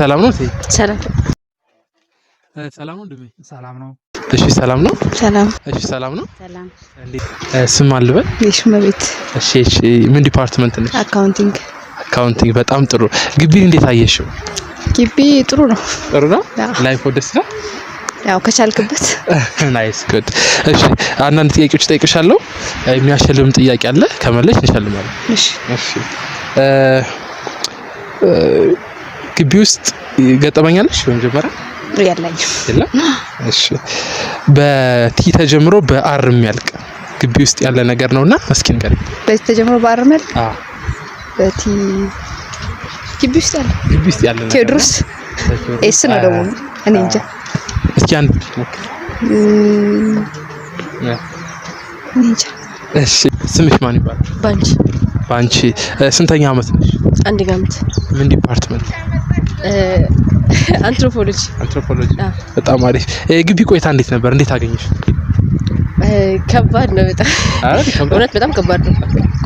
ሰላም ነው? ሰላም ነው። እሺ ሰላም ነው። ሰላም እሺ ሰላም ነው። ሰላም ስም አልበል። እሺ መቤት። እሺ እሺ ምን ዲፓርትመንት ነሽ? አካውንቲንግ። አካውንቲንግ በጣም ጥሩ። ግቢን እንዴት አየሽው? ግቢ ጥሩ ነው። ጥሩ ነው። ላይፎ ደስ ነው ያው ከቻልክበት። ናይስ ጉድ። እሺ አንዳንድ ጥያቄዎች እጠይቅሻለሁ። የሚያሸልም ጥያቄ አለ፣ ከመለሽ እንሸልማለን። እሺ እሺ ግቢ ውስጥ ገጠመኛለሽ? በመጀመሪያ የለኝም። የለም። እሺ። በቲ ተጀምሮ በአር የሚያልቅ ግቢ ውስጥ ያለ ነገር ነውና እስኪ ንገሪኝ። በቲ ተጀምሮ በአር የሚያልቅ? አዎ። በቲ ግቢ ውስጥ ያለ ግቢ ውስጥ ያለ ነገር ቴዎድሮስ ኤስ ነው ደግሞ እኔ እንጃ። እስኪ አንድ እሺ። ስምሽ ማን ይባላል? ባንቺ። ባንቺ ስንተኛ አመት ነሽ? አንድ አመት። ምን ዲፓርትመንት? አንትሮፖሎጂ አንትሮፖሎጂ። በጣም አሪፍ። ግቢ ቆይታ እንዴት ነበር? እንዴት አገኘሽ? ከባድ ነው በጣም እውነት፣ በጣም ከባድ ነው።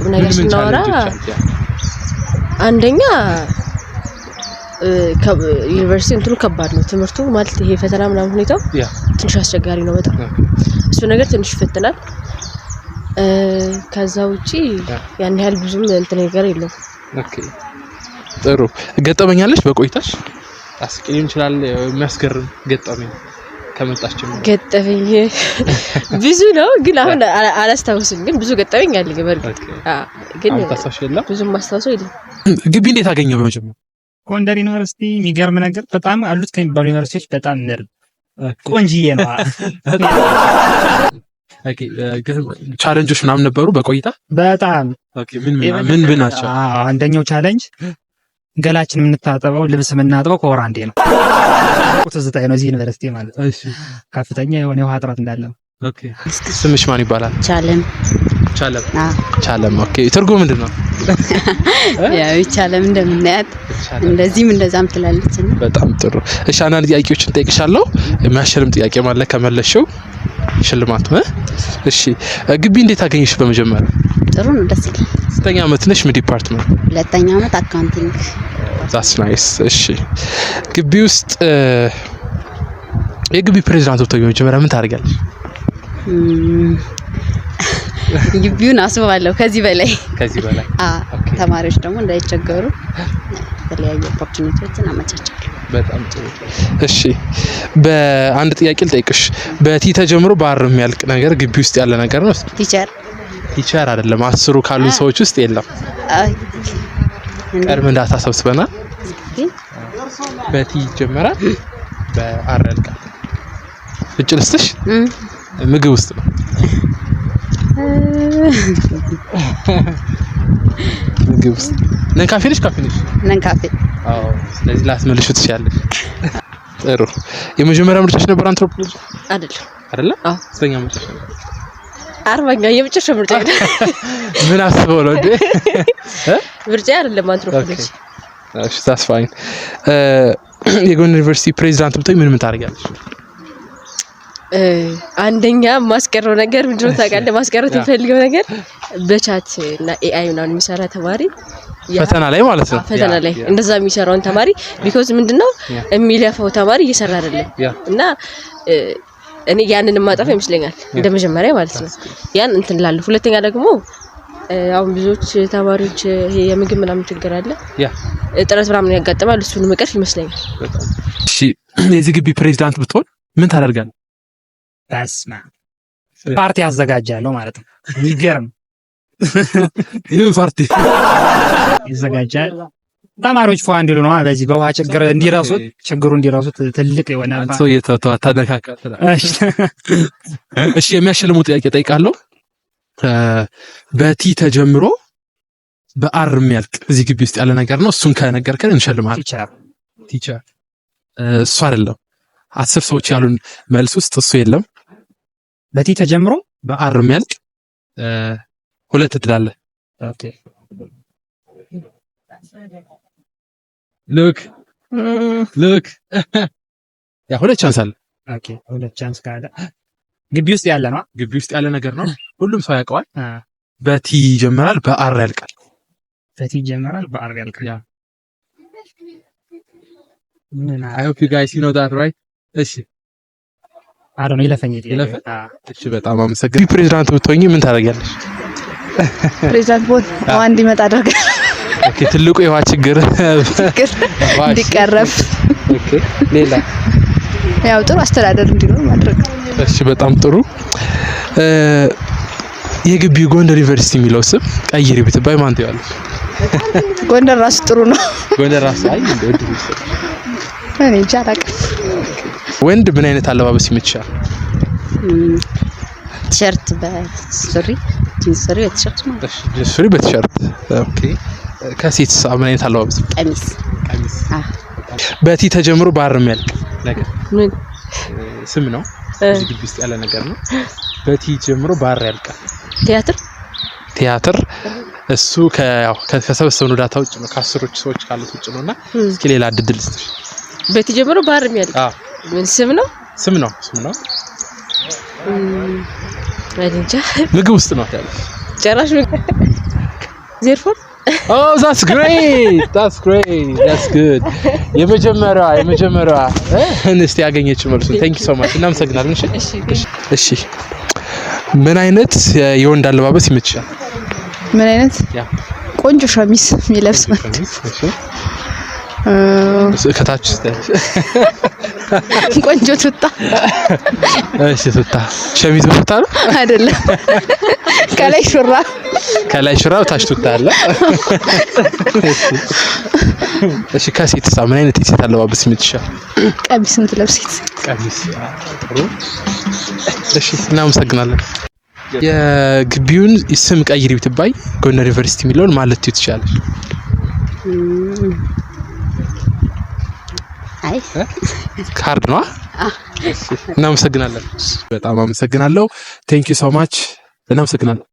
ቁም ነገር ስናወራ አንደኛ ዩኒቨርሲቲ እንትኑ ከባድ ነው ትምህርቱ ማለት ይሄ ፈተና ምናምን ሁኔታው ትንሽ አስቸጋሪ ነው በጣም እሱ ነገር ትንሽ ይፈትናል። ከዛ ውጪ ያን ያህል ብዙም እንትን ነገር የለውም። ጥሩ ገጠመኛለች በቆይታሽ አስቂኝ ይችላል የሚያስገርም ገጠመኝ ከመጣችሁ ገጠመኝ ብዙ ነው፣ ግን አሁን አላስታውስም። ግን ብዙ ገጠመኝ አለ። በእርግጥ ግን ብዙ ማስታውሰው የለም። ግቢ እንዴት አገኘው? በመጀመሪያ ጎንደር ዩኒቨርሲቲ የሚገርም ነገር በጣም አሉት ከሚባሉ ዩኒቨርሲቲዎች በጣም ነርድ ቆንጅዬ ነው። ቻለንጆች ምናምን ነበሩ በቆይታ በጣም ምን ምን ናቸው? አንደኛው ቻለንጅ ገላችን የምንታጠበው ልብስ የምናጥበው ከወር አንዴ ነው። ትዝታዬ ነው። እዚህ ዩኒቨርሲቲ ማለት ከፍተኛ የሆነ የውሃ እጥረት እንዳለ ስምሽ ማን ይባላል? ቻለም ቻለም ቻለም። ኦኬ ትርጉም ምንድን ነው? ያው ይቻለም እንደምናያት እንደዚህም እንደዛም ትላለች። በጣም ጥሩ። እሺ አንዳንድ ጥያቄዎችን እጠይቅሻለሁ። የሚያሸልም ጥያቄ ማለት ከመለሽው ሽልማት። እሺ ግቢ እንዴት አገኘሽ? በመጀመሪያ ጥሩ ነው፣ ደስ ይላል። ሁለተኛ አመት ነሽ? ምን ዲፓርትመንት? ሁለተኛ አመት አካውንቲንግ። ዛትስ ናይስ። እሺ፣ ግቢ ውስጥ የግቢ ፕሬዚዳንት ወጥቶ መጀመሪያ ምን ታደርጋለሽ? ግቢውን አስባለሁ። ከዚህ በላይ ከዚህ በላይ ተማሪዎች ደግሞ እንዳይቸገሩ የተለያዩ ኦፖርቹኒቲዎችን አመቻቻለሁ። በጣም ጥሩ። እሺ በአንድ ጥያቄ ልጠይቅሽ። በቲ ተጀምሮ ባር የሚያልቅ ነገር ግቢ ውስጥ ያለ ነገር ነው ቲቸር ቲቸር አይደለም። አስሩ ካሉ ሰዎች ውስጥ የለም። ቀድመን እንዳታ ሰብስበናል። በቲ ይጀመራል። በአር ያልቃል። ፍጭ ልስጥሽ። ምግብ ውስጥ ነው ምግብ ውስጥ ነን። ካፌ ነሽ? ካፌ ነሽ? ነን ካፌ። አዎ። ስለዚህ ላስመልሽ ትችያለሽ። ጥሩ። የመጀመሪያ ምርጫሽ ነበር አንትሮፖሎጂ? አይደለም። አይደለም። አዎ። ስለኛ ምርጫሽ ነበር አርበኛ የመጨረሻ ምርጫ ምን አስበው ነው እንዴ? ምርጫ አይደለም አንትሮፖሎጂ። እሺ ታስ ፋይን። የጎን ዩኒቨርሲቲ ፕሬዚዳንት ብትሆኝ ምን ምን ታደርጊያለሽ? አንደኛ ማስቀረው ነገር ምንድን ነው ታውቃለህ? ማስቀረት የምፈልገው ነገር በቻት እና ኤአይ ምናምን የሚሰራ ተማሪ ፈተና ላይ ማለት ነው። ፈተና ላይ እንደዛ የሚሰራውን ተማሪ ቢኮዝ ምንድነው የሚለፈው ተማሪ እየሰራ አይደለም እና እኔ ያንን ማጠፋ ይመስለኛል እንደ መጀመሪያ ማለት ነው። ያን እንትን እላለሁ። ሁለተኛ ደግሞ አሁን ብዙዎች ተማሪዎች የምግብ ምናምን ችግር አለ፣ እጥረት ምናምን ያጋጥማል። እሱን መቅረፍ ይመስለኛል። እሺ፣ የዚህ ግቢ ፕሬዚዳንት ብትሆን ምን ታደርጋለህ? ስማ፣ ፓርቲ አዘጋጃለሁ ማለት ነው። ይገርም ይህ ፓርቲ ይዘጋጃል ተማሪዎች ፏ እንዲሉ ነው። በዚህ በውሃ ችግር እንዲረሱት ችግሩ እንዲረሱት ትልቅ የሆነ ሰው የተቷ ተነካካ። እሺ የሚያሸልሙ ጥያቄ ጠይቃለሁ። በቲ ተጀምሮ በአር የሚያልቅ እዚህ ግቢ ውስጥ ያለ ነገር ነው። እሱን ከነገርከን እንሸልማል። ቲቸር እሱ አይደለም። አስር ሰዎች ያሉን መልስ ውስጥ እሱ የለም። በቲ ተጀምሮ በአር የሚያልቅ ሁለት እድላለህ። ኦኬ ልክ ልክ ያ ሁለት ቻንስ አለ። ኦኬ ሁለት ቻንስ ካለ ግቢ ውስጥ ያለ ነው፣ ግቢ ውስጥ ያለ ነገር ነው። ሁሉም ሰው ያውቀዋል። በቲ ይጀምራል፣ በአር ያልቃል። በቲ ይጀምራል፣ በአር ያልቃል። ያ አይ ሆፕ ዩ ጋይስ ዩ ኖ ዳት ራይት። እሺ አሮ ነው ይለፈኝ ይለፈ። እሺ በጣም አመሰግናለሁ። ፕሬዚዳንት ብትሆኚ ምን ታደርጊያለሽ? ፕሬዚዳንት ቦት አንድ ይመጣ አደርጋለሁ ኦኬ፣ ትልቁ የውሃ ችግር እንዲቀረፍ። ኦኬ፣ ሌላ ያው ጥሩ አስተዳደር እንዲኖር ማድረግ። እሺ፣ በጣም ጥሩ። የግቢው ጎንደር ዩኒቨርሲቲ የሚለው ስም ቀይሪ ብትባይ ማን ትያለሽ? ጎንደር ራሱ ጥሩ ነው። ጎንደር ራሱ አይ እኔ እንጃ አላውቅም። ወንድ ምን አይነት አለባበስ ይመችሻል? ቲሸርት በሱሪ ጂንስ ሱሪ በቲሸርት ማለት ጂንስ ሱሪ በቲሸርት ኦኬ ከሴትስ ምን አይነት አለባበስ? ቀሚስ ቀሚስ። በቲ ተጀምሮ ባር የሚያልቅ ነገር ምን ስም ነው? እዚህ ግቢ ውስጥ ያለ ነገር ነው። በቲ ጀምሮ ባር ያልቃል። ቲያትር ቲያትር እሱ ከሰበሰብን ወዳታ ውጭ ነው፣ ከአስሮች ሰዎች ካሉት ውጭ ነው። እና እስኪ ሌላ ድድል ስትል በቲ ጀምሮ ባር የሚያልቅ ምን ስም ነው? ስም ነው ስም ነው። ምግብ ውስጥ ነው ጨራሽ ምግብ ዜርፎ ዛትስ ግሬት ዛትስ ግሬት ዛትስ ጉድ። የመጀመሪያዋ የመጀመሪያዋ እንስት ያገኘችው መልሱን። ቴንክ ዩ ሶ ማች እናመሰግናለን። እሺ ምን አይነት የወንድ አለባበስ ይመችሻል? ምን አይነት ቆንጆ ሸሚዝ የሚለብስ ከታች ቆንጆ ቱታ። እሺ ቱታ ሸሚዝ ቱታ ነው አይደለም ከላይ ሹራብ ከላይ ሹራብ ታች ቱታ አለ። እሺ ከሴትስ ምን አይነት የሴት አለባበስ ይመችሻል? ቀሚስ የምትለብስ ሴት ቀሚስ። ጥሩ እሺ፣ እናመሰግናለን። የግቢውን ስም ቀይሪ ብትባይ ጎንደር ዩኒቨርሲቲ የሚለውን ማለት አይ ካርድ ነዋ። እናመሰግናለን። በጣም አመሰግናለሁ። ቴንክ ዩ ሶ ማች። እናመሰግናለን።